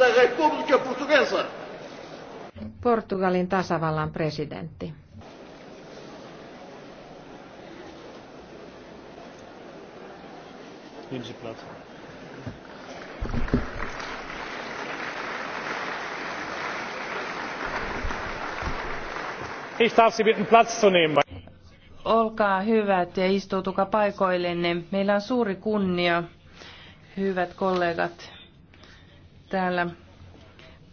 da República Portuguesa. Portugalin tasavallan presidentti. Ich darf Sie bitten, Platz zu nehmen. Olkaa hyvät ja istuutukaa paikoillenne. Meillä on suuri kunnia, hyvät kollegat täällä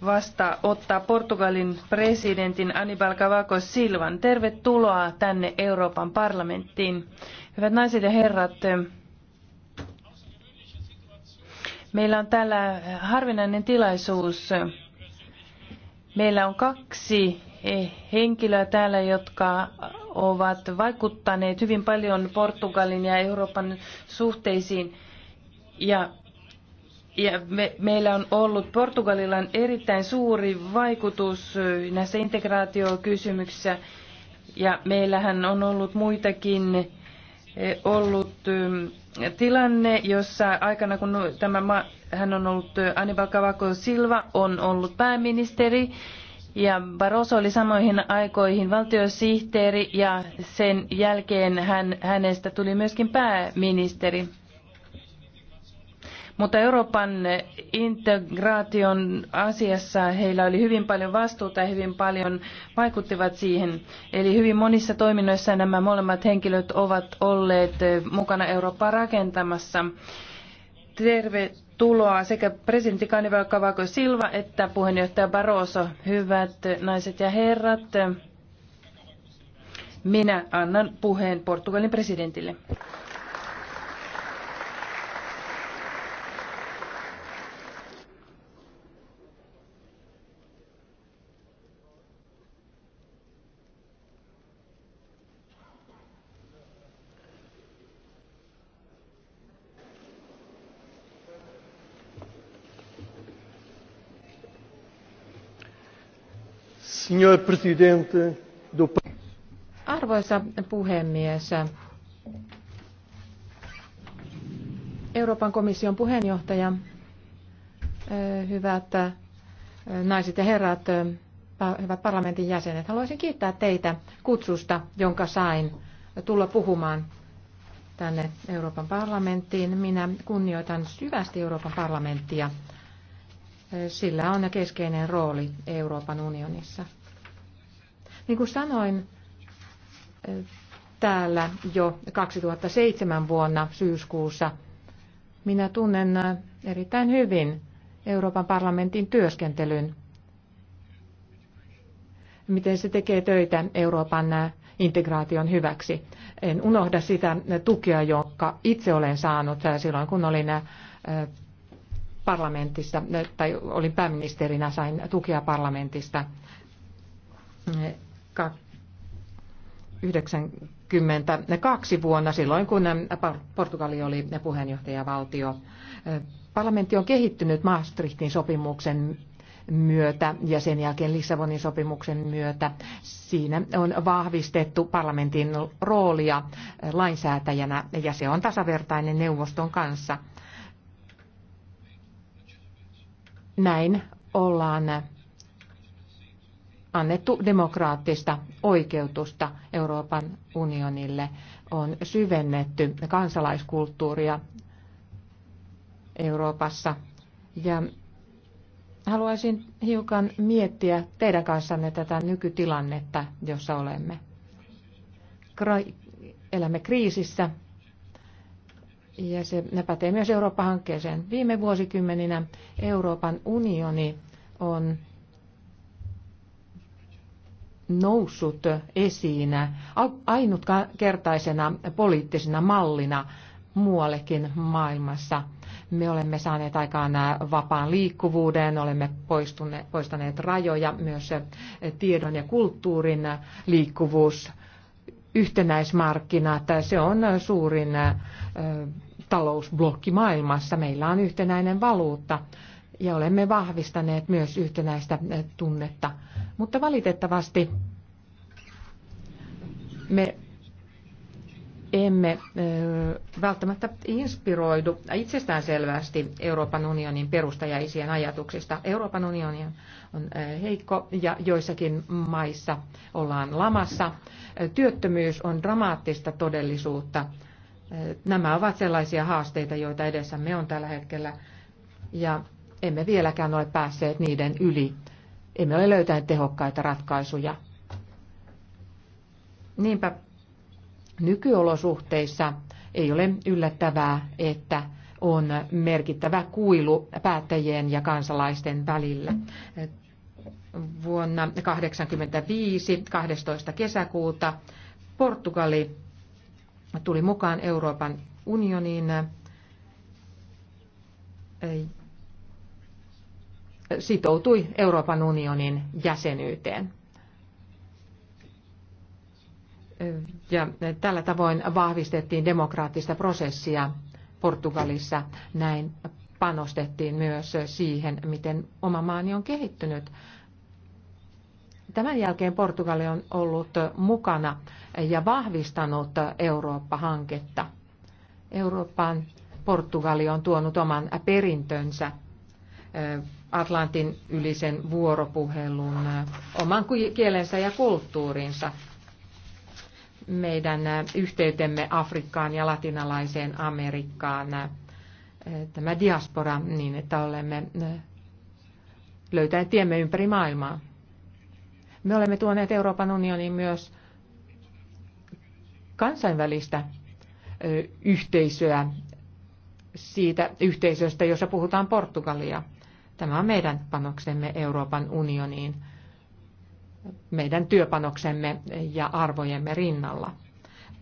vasta ottaa Portugalin presidentin Anibal Cavaco Silvan. Tervetuloa tänne Euroopan parlamenttiin. Hyvät naiset ja herrat, meillä on täällä harvinainen tilaisuus. Meillä on kaksi henkilöä täällä, jotka ovat vaikuttaneet hyvin paljon Portugalin ja Euroopan suhteisiin. Ja ja me, meillä on ollut Portugalilla erittäin suuri vaikutus näissä integraatiokysymyksissä ja meillähän on ollut muitakin ollut tilanne, jossa aikana kun tämä ma, hän on ollut Anibal Cavaco Silva on ollut pääministeri ja Barroso oli samoihin aikoihin valtiosihteeri ja sen jälkeen hän, hänestä tuli myöskin pääministeri. Mutta Euroopan integraation asiassa heillä oli hyvin paljon vastuuta ja hyvin paljon vaikuttivat siihen. Eli hyvin monissa toiminnoissa nämä molemmat henkilöt ovat olleet mukana Eurooppaa rakentamassa. Tervetuloa sekä presidentti Kanivel Kavako Silva että puheenjohtaja Barroso. Hyvät naiset ja herrat, minä annan puheen Portugalin presidentille. Arvoisa puhemies, Euroopan komission puheenjohtaja, eh, hyvät eh, naiset ja herrat, eh, hyvät parlamentin jäsenet, haluaisin kiittää teitä kutsusta, jonka sain tulla puhumaan tänne Euroopan parlamenttiin. Minä kunnioitan syvästi Euroopan parlamenttia. Sillä on keskeinen rooli Euroopan unionissa. Niin kuin sanoin täällä jo 2007 vuonna syyskuussa, minä tunnen erittäin hyvin Euroopan parlamentin työskentelyn miten se tekee töitä Euroopan integraation hyväksi. En unohda sitä tukea, jonka itse olen saanut silloin, kun olin parlamentissa, tai olin pääministerinä, sain tukea parlamentista 1992 vuonna, silloin kun Portugali oli puheenjohtajavaltio. Parlamentti on kehittynyt Maastrichtin sopimuksen myötä ja sen jälkeen Lissabonin sopimuksen myötä. Siinä on vahvistettu parlamentin roolia lainsäätäjänä ja se on tasavertainen neuvoston kanssa. Näin ollaan annettu demokraattista oikeutusta Euroopan unionille, on syvennetty kansalaiskulttuuria Euroopassa. Ja haluaisin hiukan miettiä teidän kanssanne tätä nykytilannetta, jossa olemme. Elämme kriisissä ja se pätee myös Eurooppa-hankkeeseen. Viime vuosikymmeninä Euroopan unioni on noussut esiin ainutkertaisena poliittisena mallina muuallekin maailmassa. Me olemme saaneet aikaan vapaan liikkuvuuden, olemme poistaneet rajoja, myös tiedon ja kulttuurin liikkuvuus, yhtenäismarkkinat, se on suurin talousblokki maailmassa. Meillä on yhtenäinen valuutta ja olemme vahvistaneet myös yhtenäistä tunnetta mutta valitettavasti me emme välttämättä inspiroidu itsestään selvästi Euroopan unionin perustajaisien ajatuksista. Euroopan unioni on heikko ja joissakin maissa ollaan lamassa. Työttömyys on dramaattista todellisuutta. Nämä ovat sellaisia haasteita, joita edessämme on tällä hetkellä ja emme vieläkään ole päässeet niiden yli emme ole löytäneet tehokkaita ratkaisuja. Niinpä nykyolosuhteissa ei ole yllättävää, että on merkittävä kuilu päättäjien ja kansalaisten välillä. Vuonna 1985, 12. kesäkuuta, Portugali tuli mukaan Euroopan unioniin sitoutui Euroopan unionin jäsenyyteen. Ja tällä tavoin vahvistettiin demokraattista prosessia Portugalissa. Näin panostettiin myös siihen, miten oma maani on kehittynyt. Tämän jälkeen Portugali on ollut mukana ja vahvistanut Eurooppa-hanketta. Eurooppaan Portugali on tuonut oman perintönsä Atlantin ylisen vuoropuhelun oman kielensä ja kulttuurinsa. Meidän yhteytemme Afrikkaan ja latinalaiseen Amerikkaan, tämä diaspora, niin että olemme löytäen tiemme ympäri maailmaa. Me olemme tuoneet Euroopan unioniin myös kansainvälistä yhteisöä siitä yhteisöstä, jossa puhutaan Portugalia. Tämä on meidän panoksemme Euroopan unioniin, meidän työpanoksemme ja arvojemme rinnalla.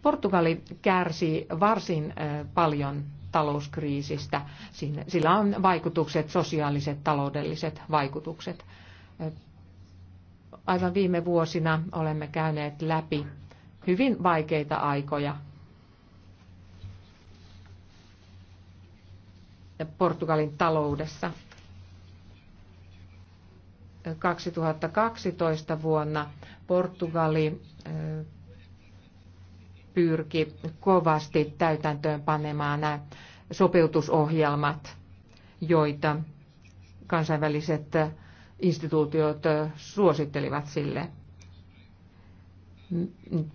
Portugali kärsi varsin paljon talouskriisistä. Sillä on vaikutukset, sosiaaliset, taloudelliset vaikutukset. Aivan viime vuosina olemme käyneet läpi hyvin vaikeita aikoja. Portugalin taloudessa 2012 vuonna Portugali pyrki kovasti täytäntöön panemaan nämä sopeutusohjelmat, joita kansainväliset instituutiot suosittelivat sille.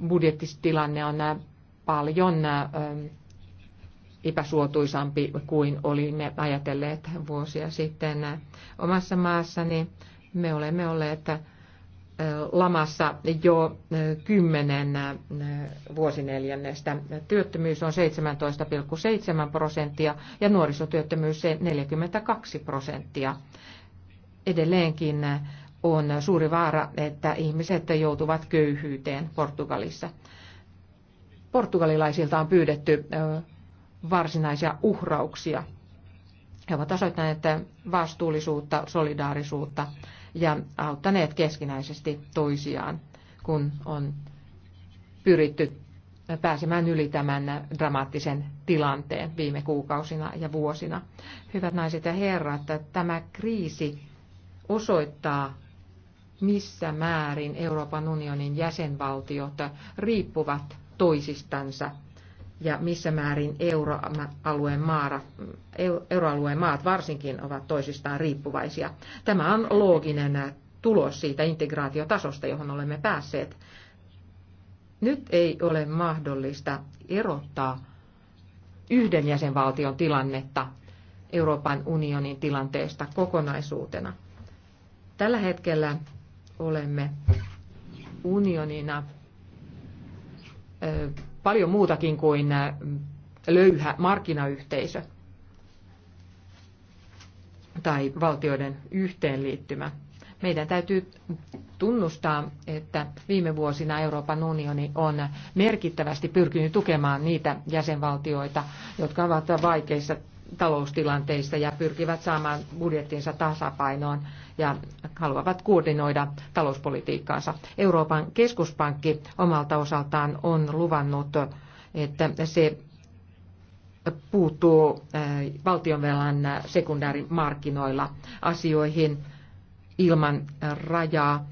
Budjettistilanne on paljon epäsuotuisampi kuin olimme ajatelleet vuosia sitten omassa maassani. Me olemme olleet lamassa jo kymmenen vuosineljännestä. Työttömyys on 17,7 prosenttia ja nuorisotyöttömyys 42 prosenttia. Edelleenkin on suuri vaara, että ihmiset joutuvat köyhyyteen Portugalissa. Portugalilaisilta on pyydetty varsinaisia uhrauksia. He ovat osoittaneet vastuullisuutta, solidaarisuutta ja auttaneet keskinäisesti toisiaan, kun on pyritty pääsemään yli tämän dramaattisen tilanteen viime kuukausina ja vuosina. Hyvät naiset ja herrat, että tämä kriisi osoittaa, missä määrin Euroopan unionin jäsenvaltiot riippuvat toisistansa ja missä määrin euroalueen, maara, euroalueen maat varsinkin ovat toisistaan riippuvaisia. Tämä on looginen tulos siitä integraatiotasosta, johon olemme päässeet. Nyt ei ole mahdollista erottaa yhden jäsenvaltion tilannetta Euroopan unionin tilanteesta kokonaisuutena. Tällä hetkellä olemme unionina paljon muutakin kuin äh, löyhä markkinayhteisö tai valtioiden yhteenliittymä. Meidän täytyy tunnustaa, että viime vuosina Euroopan unioni on merkittävästi pyrkinyt tukemaan niitä jäsenvaltioita, jotka ovat vaikeissa taloustilanteista ja pyrkivät saamaan budjettinsa tasapainoon ja haluavat koordinoida talouspolitiikkaansa. Euroopan keskuspankki omalta osaltaan on luvannut, että se puuttuu eh, valtionvelan sekundäärimarkkinoilla asioihin ilman rajaa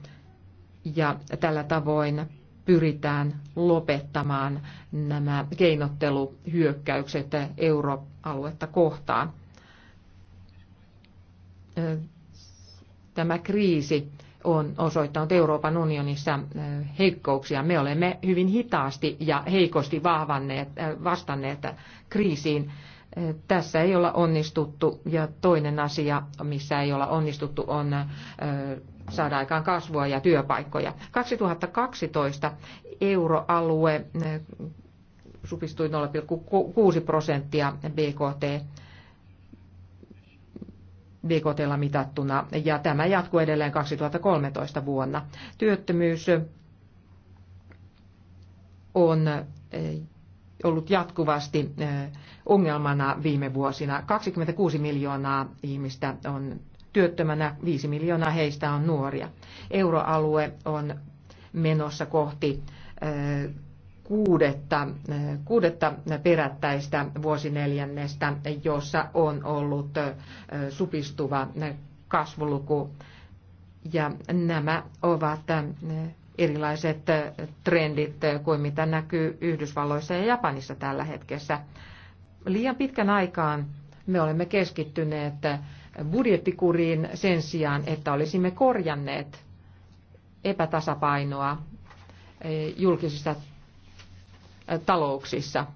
ja tällä tavoin pyritään lopettamaan nämä keinotteluhyökkäykset Eurooppaan aluetta kohtaan. Tämä kriisi on osoittanut Euroopan unionissa heikkouksia. Me olemme hyvin hitaasti ja heikosti vahvanneet, vastanneet kriisiin. Tässä ei olla onnistuttu ja toinen asia, missä ei olla onnistuttu, on saada aikaan kasvua ja työpaikkoja. 2012 euroalue supistui 0,6 prosenttia BKT, BKTlla mitattuna, ja tämä jatkuu edelleen 2013 vuonna. Työttömyys on eh, ollut jatkuvasti eh, ongelmana viime vuosina. 26 miljoonaa ihmistä on työttömänä, 5 miljoonaa heistä on nuoria. Euroalue on menossa kohti eh, kuudetta, kuudetta perättäistä vuosineljännestä, jossa on ollut supistuva kasvuluku. Ja nämä ovat erilaiset trendit kuin mitä näkyy Yhdysvalloissa ja Japanissa tällä hetkessä. Liian pitkän aikaan me olemme keskittyneet budjettikuriin sen sijaan, että olisimme korjanneet epätasapainoa julkisissa talouksissa,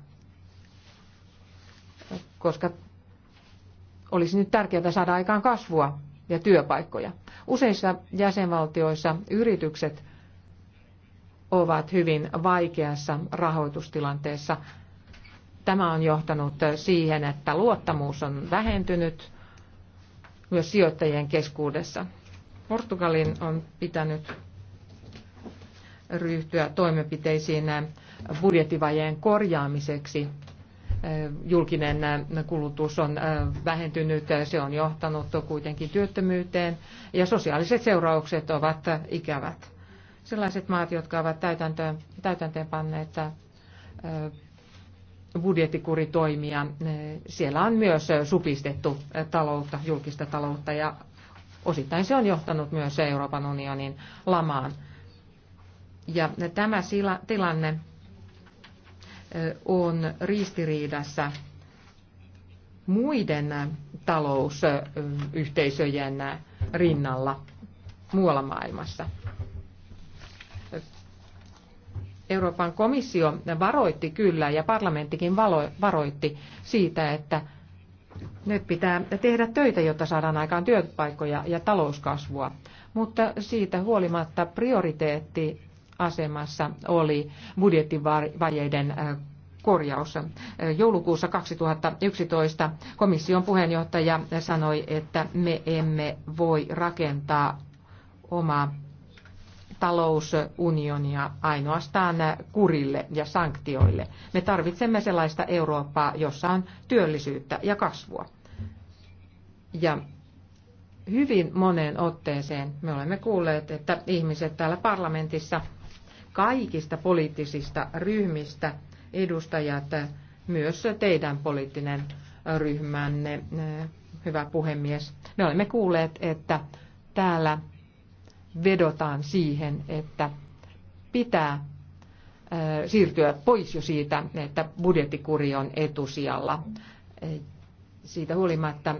koska olisi nyt tärkeää saada aikaan kasvua ja työpaikkoja. Useissa jäsenvaltioissa yritykset ovat hyvin vaikeassa rahoitustilanteessa. Tämä on johtanut siihen, että luottamus on vähentynyt myös sijoittajien keskuudessa. Portugalin on pitänyt ryhtyä toimenpiteisiin budjettivajeen korjaamiseksi. Julkinen kulutus on vähentynyt, se on johtanut kuitenkin työttömyyteen ja sosiaaliset seuraukset ovat ikävät. Sellaiset maat, jotka ovat täytäntöön, täytäntöön panneet budjettikuritoimia, siellä on myös supistettu taloutta, julkista taloutta ja osittain se on johtanut myös Euroopan unionin lamaan. Ja tämä tilanne on ristiriidassa muiden talousyhteisöjen rinnalla muualla maailmassa. Euroopan komissio varoitti kyllä ja parlamenttikin varoitti siitä, että nyt pitää tehdä töitä, jotta saadaan aikaan työpaikkoja ja talouskasvua. Mutta siitä huolimatta prioriteetti asemassa oli budjettivajeiden korjaus. Joulukuussa 2011 komission puheenjohtaja sanoi, että me emme voi rakentaa omaa talousunionia ainoastaan kurille ja sanktioille. Me tarvitsemme sellaista Eurooppaa, jossa on työllisyyttä ja kasvua. Ja hyvin moneen otteeseen me olemme kuulleet, että ihmiset täällä parlamentissa kaikista poliittisista ryhmistä edustajat, myös teidän poliittinen ryhmänne, hyvä puhemies. Me olemme kuulleet, että täällä vedotaan siihen, että pitää siirtyä pois jo siitä, että budjettikuri on etusijalla. Siitä huolimatta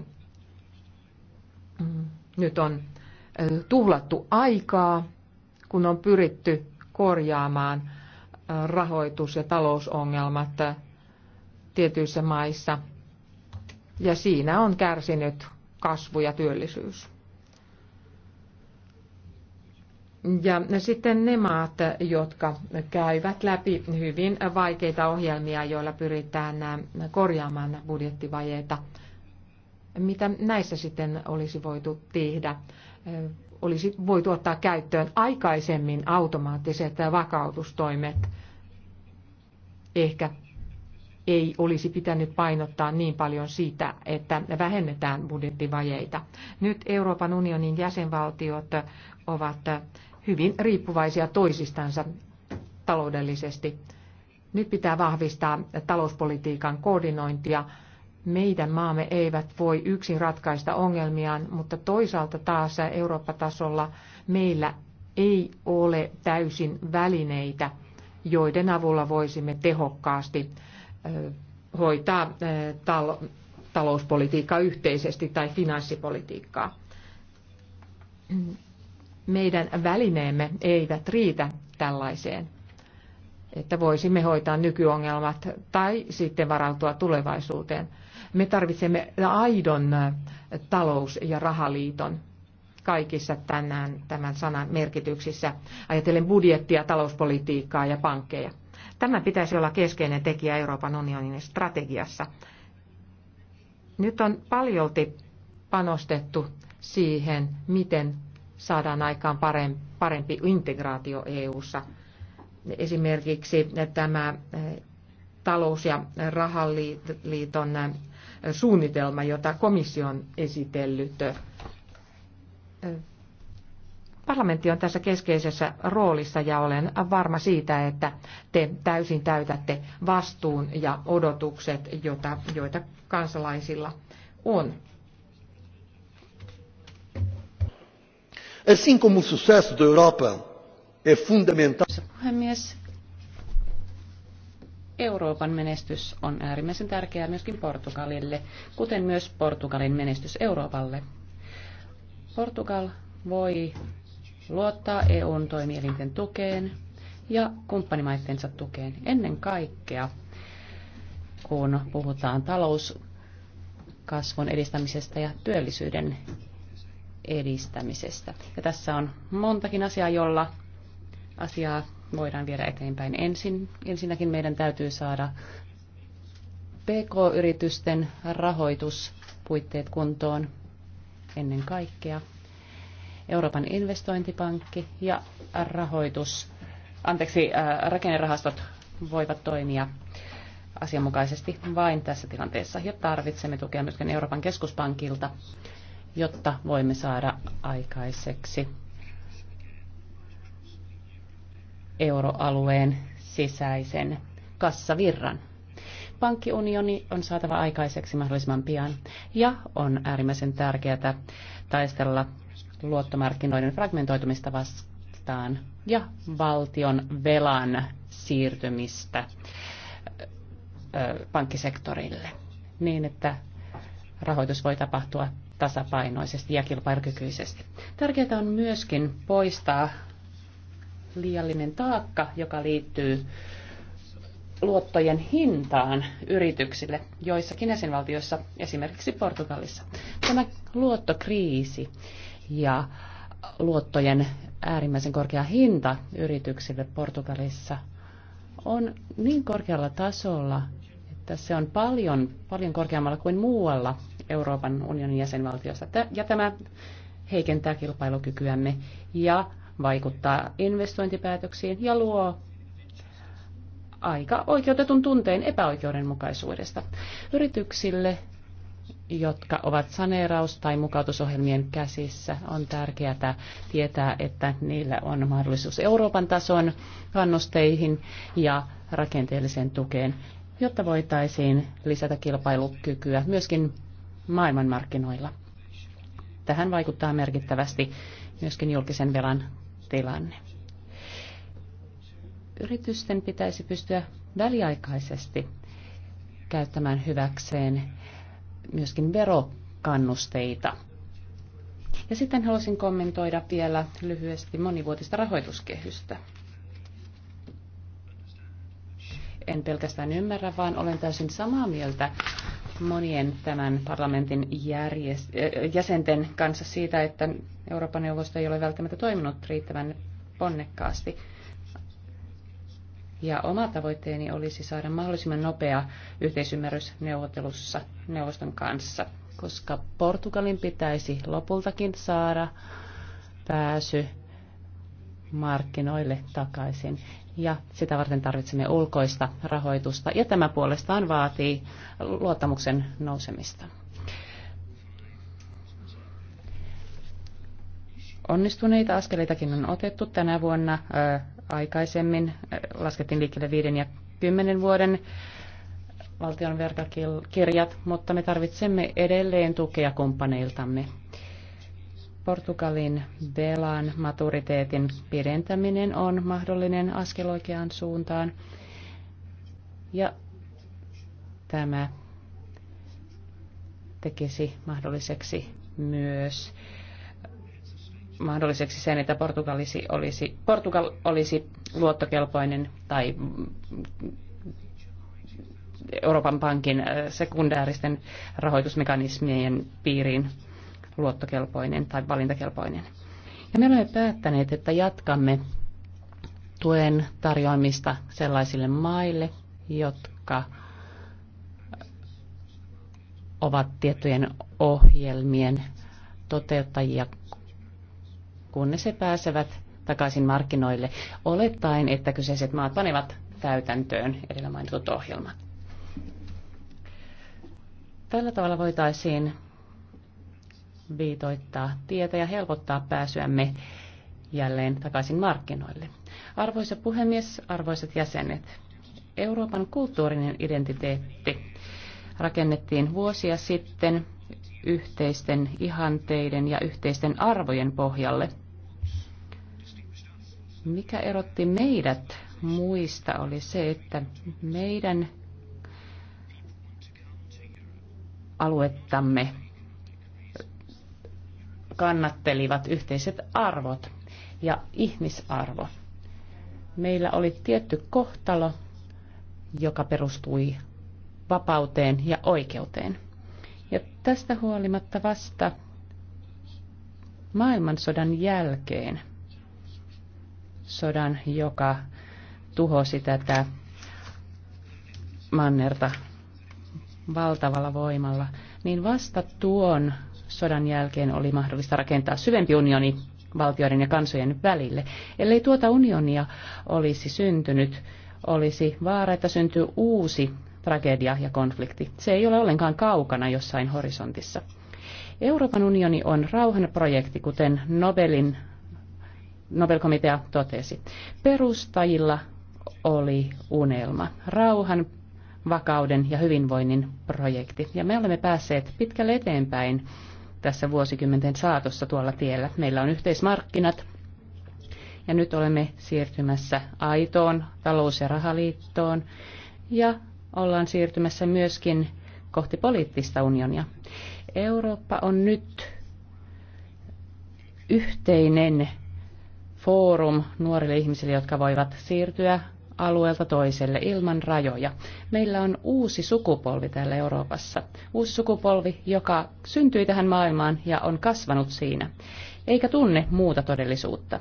mm, nyt on tuhlattu aikaa, kun on pyritty korjaamaan rahoitus- ja talousongelmat tietyissä maissa. Ja siinä on kärsinyt kasvu ja työllisyys. Ja sitten ne maat, jotka käyvät läpi hyvin vaikeita ohjelmia, joilla pyritään korjaamaan budjettivajeita. Mitä näissä sitten olisi voitu tehdä? olisi voitu ottaa käyttöön aikaisemmin automaattiset vakautustoimet. Ehkä ei olisi pitänyt painottaa niin paljon sitä, että vähennetään budjettivajeita. Nyt Euroopan unionin jäsenvaltiot ovat hyvin riippuvaisia toisistansa taloudellisesti. Nyt pitää vahvistaa talouspolitiikan koordinointia meidän maamme eivät voi yksin ratkaista ongelmiaan, mutta toisaalta taas Eurooppa-tasolla meillä ei ole täysin välineitä, joiden avulla voisimme tehokkaasti hoitaa talouspolitiikkaa yhteisesti tai finanssipolitiikkaa. Meidän välineemme eivät riitä tällaiseen että voisimme hoitaa nykyongelmat tai sitten varautua tulevaisuuteen. Me tarvitsemme aidon talous- ja rahaliiton kaikissa tänään tämän sanan merkityksissä. Ajatellen budjettia, talouspolitiikkaa ja pankkeja. Tämä pitäisi olla keskeinen tekijä Euroopan unionin strategiassa. Nyt on paljolti panostettu siihen, miten saadaan aikaan parempi integraatio EU:ssa. Esimerkiksi tämä eh, talous- ja rahaliiton suunnitelma, jota komissio on esitellyt. Parlamentti on tässä keskeisessä roolissa ja olen varma siitä, että te täysin täytätte vastuun ja odotukset, joita, joita kansalaisilla on. Assim como o sucesso da Europa é fundamental. Puhemies, Euroopan menestys on äärimmäisen tärkeää myöskin Portugalille, kuten myös Portugalin menestys Euroopalle. Portugal voi luottaa EUn toimielinten tukeen ja kumppanimaittensa tukeen ennen kaikkea, kun puhutaan talouskasvun edistämisestä ja työllisyyden edistämisestä. Ja tässä on montakin asiaa, jolla asiaa voidaan viedä eteenpäin. Ensin, ensinnäkin meidän täytyy saada PK-yritysten rahoituspuitteet kuntoon ennen kaikkea. Euroopan investointipankki ja rahoitus, anteeksi, äh, rakennerahastot voivat toimia asianmukaisesti vain tässä tilanteessa. Ja tarvitsemme tukea myöskin Euroopan keskuspankilta, jotta voimme saada aikaiseksi euroalueen sisäisen kassavirran. Pankkiunioni on saatava aikaiseksi mahdollisimman pian ja on äärimmäisen tärkeää taistella luottomarkkinoiden fragmentoitumista vastaan ja valtion velan siirtymistä pankkisektorille niin, että rahoitus voi tapahtua tasapainoisesti ja kilpailukykyisesti. Tärkeää on myöskin poistaa liiallinen taakka, joka liittyy luottojen hintaan yrityksille joissakin jäsenvaltioissa, esimerkiksi Portugalissa. Tämä luottokriisi ja luottojen äärimmäisen korkea hinta yrityksille Portugalissa on niin korkealla tasolla, että se on paljon, paljon korkeammalla kuin muualla Euroopan unionin jäsenvaltiossa. Ja tämä heikentää kilpailukykyämme ja vaikuttaa investointipäätöksiin ja luo aika oikeutetun tunteen epäoikeudenmukaisuudesta yrityksille, jotka ovat saneeraus- tai mukautusohjelmien käsissä. On tärkeää tietää, että niillä on mahdollisuus Euroopan tason kannusteihin ja rakenteelliseen tukeen, jotta voitaisiin lisätä kilpailukykyä myöskin maailmanmarkkinoilla. Tähän vaikuttaa merkittävästi myöskin julkisen velan tilanne. Yritysten pitäisi pystyä väliaikaisesti käyttämään hyväkseen myöskin verokannusteita. Ja sitten haluaisin kommentoida vielä lyhyesti monivuotista rahoituskehystä. En pelkästään ymmärrä, vaan olen täysin samaa mieltä monien tämän parlamentin järjest- äh, jäsenten kanssa siitä, että Euroopan neuvosto ei ole välttämättä toiminut riittävän ponnekkaasti. Ja oma tavoitteeni olisi saada mahdollisimman nopea yhteisymmärrys neuvottelussa neuvoston kanssa, koska Portugalin pitäisi lopultakin saada pääsy markkinoille takaisin ja sitä varten tarvitsemme ulkoista rahoitusta ja tämä puolestaan vaatii luottamuksen nousemista. Onnistuneita askeleitakin on otettu tänä vuonna ää, aikaisemmin. Laskettiin liikkeelle viiden ja kymmenen vuoden valtion mutta me tarvitsemme edelleen tukea kumppaneiltamme Portugalin velan maturiteetin pidentäminen on mahdollinen askel oikeaan suuntaan. Ja tämä tekisi mahdolliseksi myös mahdolliseksi sen, että Portugalisi olisi, Portugal olisi luottokelpoinen tai Euroopan pankin äh, sekundääristen rahoitusmekanismien piiriin luottokelpoinen tai valintakelpoinen. Ja me olemme päättäneet, että jatkamme tuen tarjoamista sellaisille maille, jotka ovat tiettyjen ohjelmien toteuttajia, kunnes se pääsevät takaisin markkinoille, olettaen, että kyseiset maat panevat täytäntöön edellä mainitut ohjelmat. Tällä tavalla voitaisiin viitoittaa tietä ja helpottaa pääsyämme jälleen takaisin markkinoille. Arvoisa puhemies, arvoisat jäsenet, Euroopan kulttuurinen identiteetti rakennettiin vuosia sitten yhteisten ihanteiden ja yhteisten arvojen pohjalle. Mikä erotti meidät muista oli se, että meidän aluettamme kannattelivat yhteiset arvot ja ihmisarvo. Meillä oli tietty kohtalo, joka perustui vapauteen ja oikeuteen. Ja tästä huolimatta vasta maailmansodan jälkeen, sodan, joka tuhosi tätä mannerta valtavalla voimalla, niin vasta tuon sodan jälkeen oli mahdollista rakentaa syvempi unioni valtioiden ja kansojen välille. Ellei tuota unionia olisi syntynyt, olisi vaara, että syntyy uusi tragedia ja konflikti. Se ei ole ollenkaan kaukana jossain horisontissa. Euroopan unioni on rauhanprojekti, kuten Nobelin, Nobelkomitea totesi. Perustajilla oli unelma. Rauhan, vakauden ja hyvinvoinnin projekti. Ja me olemme päässeet pitkälle eteenpäin tässä vuosikymmenten saatossa tuolla tiellä. Meillä on yhteismarkkinat ja nyt olemme siirtymässä aitoon talous- ja rahaliittoon ja ollaan siirtymässä myöskin kohti poliittista unionia. Eurooppa on nyt yhteinen foorum nuorille ihmisille, jotka voivat siirtyä alueelta toiselle ilman rajoja. Meillä on uusi sukupolvi täällä Euroopassa. Uusi sukupolvi, joka syntyi tähän maailmaan ja on kasvanut siinä, eikä tunne muuta todellisuutta.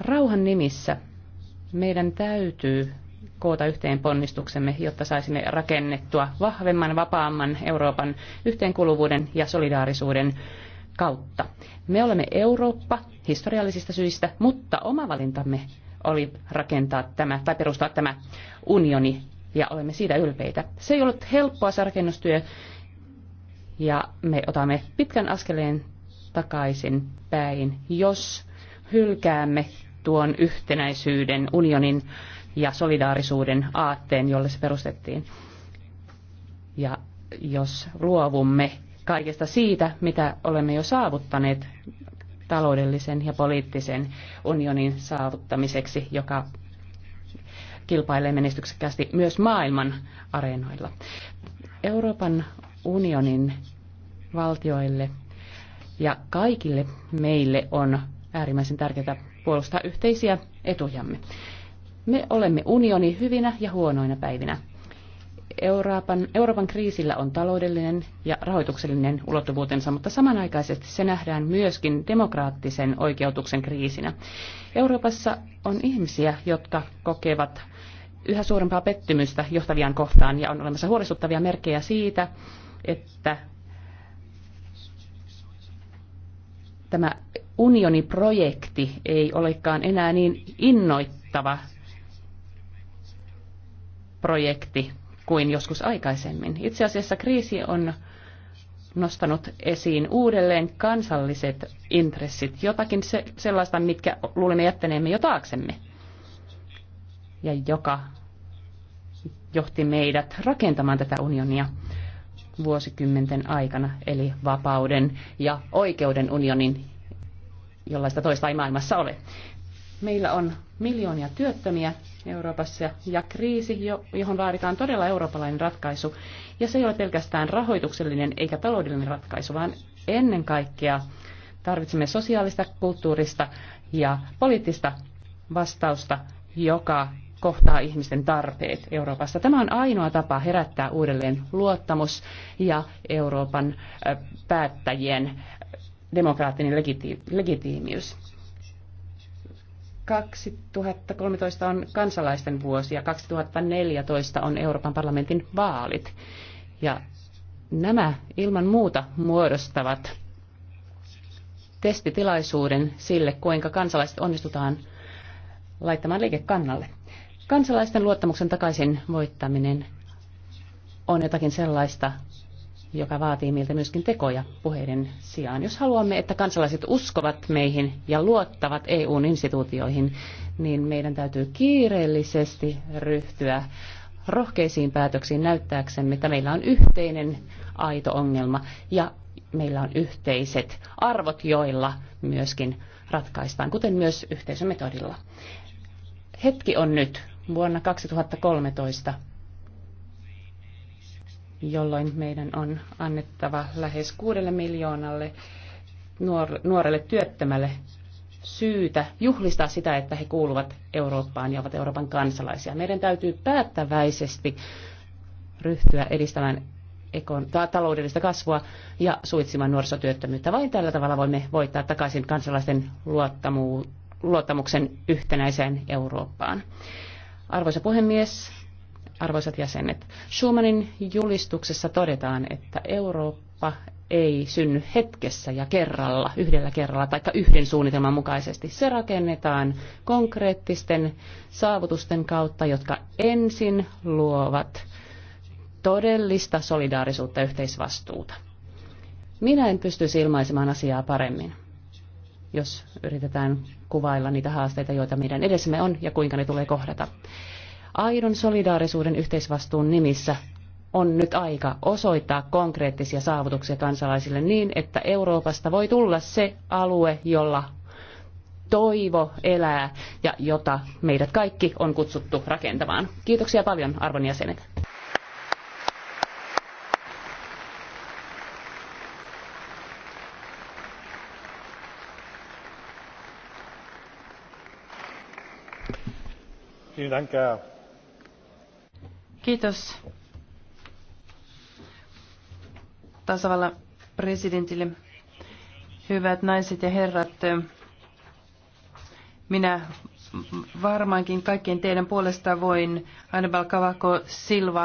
Rauhan nimissä meidän täytyy koota yhteen ponnistuksemme, jotta saisimme rakennettua vahvemman, vapaamman Euroopan yhteenkuuluvuuden ja solidaarisuuden kautta. Me olemme Eurooppa historiallisista syistä, mutta oma valintamme oli rakentaa tämä tai perustaa tämä unioni ja olemme siitä ylpeitä. Se ei ollut helppoa se rakennustyö ja me otamme pitkän askeleen takaisin päin, jos hylkäämme tuon yhtenäisyyden, unionin ja solidaarisuuden aatteen, jolle se perustettiin. Ja jos luovumme kaikesta siitä, mitä olemme jo saavuttaneet taloudellisen ja poliittisen unionin saavuttamiseksi, joka kilpailee menestyksekkäästi myös maailman areenoilla. Euroopan unionin valtioille ja kaikille meille on äärimmäisen tärkeää puolustaa yhteisiä etujamme. Me olemme unioni hyvinä ja huonoina päivinä. Euroopan, Euroopan kriisillä on taloudellinen ja rahoituksellinen ulottuvuutensa, mutta samanaikaisesti se nähdään myöskin demokraattisen oikeutuksen kriisinä. Euroopassa on ihmisiä, jotka kokevat yhä suurempaa pettymystä johtavian kohtaan ja on olemassa huolestuttavia merkkejä siitä, että tämä unioniprojekti ei olekaan enää niin innoittava projekti kuin joskus aikaisemmin. Itse asiassa kriisi on nostanut esiin uudelleen kansalliset intressit, jotakin se, sellaista, mitkä luulimme jättäneemme jo taaksemme, ja joka johti meidät rakentamaan tätä unionia vuosikymmenten aikana, eli vapauden ja oikeuden unionin, jollaista toista ei maailmassa ole. Meillä on miljoonia työttömiä Euroopassa ja kriisi, johon vaaditaan todella eurooppalainen ratkaisu. Ja se ei ole pelkästään rahoituksellinen eikä taloudellinen ratkaisu, vaan ennen kaikkea tarvitsemme sosiaalista, kulttuurista ja poliittista vastausta, joka kohtaa ihmisten tarpeet Euroopassa. Tämä on ainoa tapa herättää uudelleen luottamus ja Euroopan päättäjien demokraattinen legiti- 2013 on kansalaisten vuosi ja 2014 on Euroopan parlamentin vaalit. Ja nämä ilman muuta muodostavat testitilaisuuden sille, kuinka kansalaiset onnistutaan laittamaan liikekannalle. Kansalaisten luottamuksen takaisin voittaminen on jotakin sellaista, joka vaatii meiltä myöskin tekoja puheiden sijaan. Jos haluamme, että kansalaiset uskovat meihin ja luottavat EUn instituutioihin, niin meidän täytyy kiireellisesti ryhtyä rohkeisiin päätöksiin näyttääksemme, että meillä on yhteinen aito ongelma ja meillä on yhteiset arvot, joilla myöskin ratkaistaan, kuten myös yhteisömetodilla. Hetki on nyt, vuonna 2013 jolloin meidän on annettava lähes kuudelle miljoonalle nuorelle työttömälle syytä juhlistaa sitä, että he kuuluvat Eurooppaan ja ovat Euroopan kansalaisia. Meidän täytyy päättäväisesti ryhtyä edistämään taloudellista kasvua ja suitsimaan nuorisotyöttömyyttä. Vain tällä tavalla voimme voittaa takaisin kansalaisten luottamu- luottamuksen yhtenäiseen Eurooppaan. Arvoisa puhemies, arvoisat jäsenet, Schumannin julistuksessa todetaan, että Eurooppa ei synny hetkessä ja kerralla, yhdellä kerralla tai yhden suunnitelman mukaisesti. Se rakennetaan konkreettisten saavutusten kautta, jotka ensin luovat todellista solidaarisuutta ja yhteisvastuuta. Minä en pystyisi ilmaisemaan asiaa paremmin, jos yritetään kuvailla niitä haasteita, joita meidän edessämme on ja kuinka ne tulee kohdata. Aidon solidaarisuuden yhteisvastuun nimissä on nyt aika osoittaa konkreettisia saavutuksia kansalaisille niin, että Euroopasta voi tulla se alue, jolla toivo elää ja jota meidät kaikki on kutsuttu rakentamaan. Kiitoksia paljon arvon jäsenet. Kiitos tasavallan presidentille. Hyvät naiset ja herrat, minä varmaankin kaikkien teidän puolesta voin Annabel Kavako Silva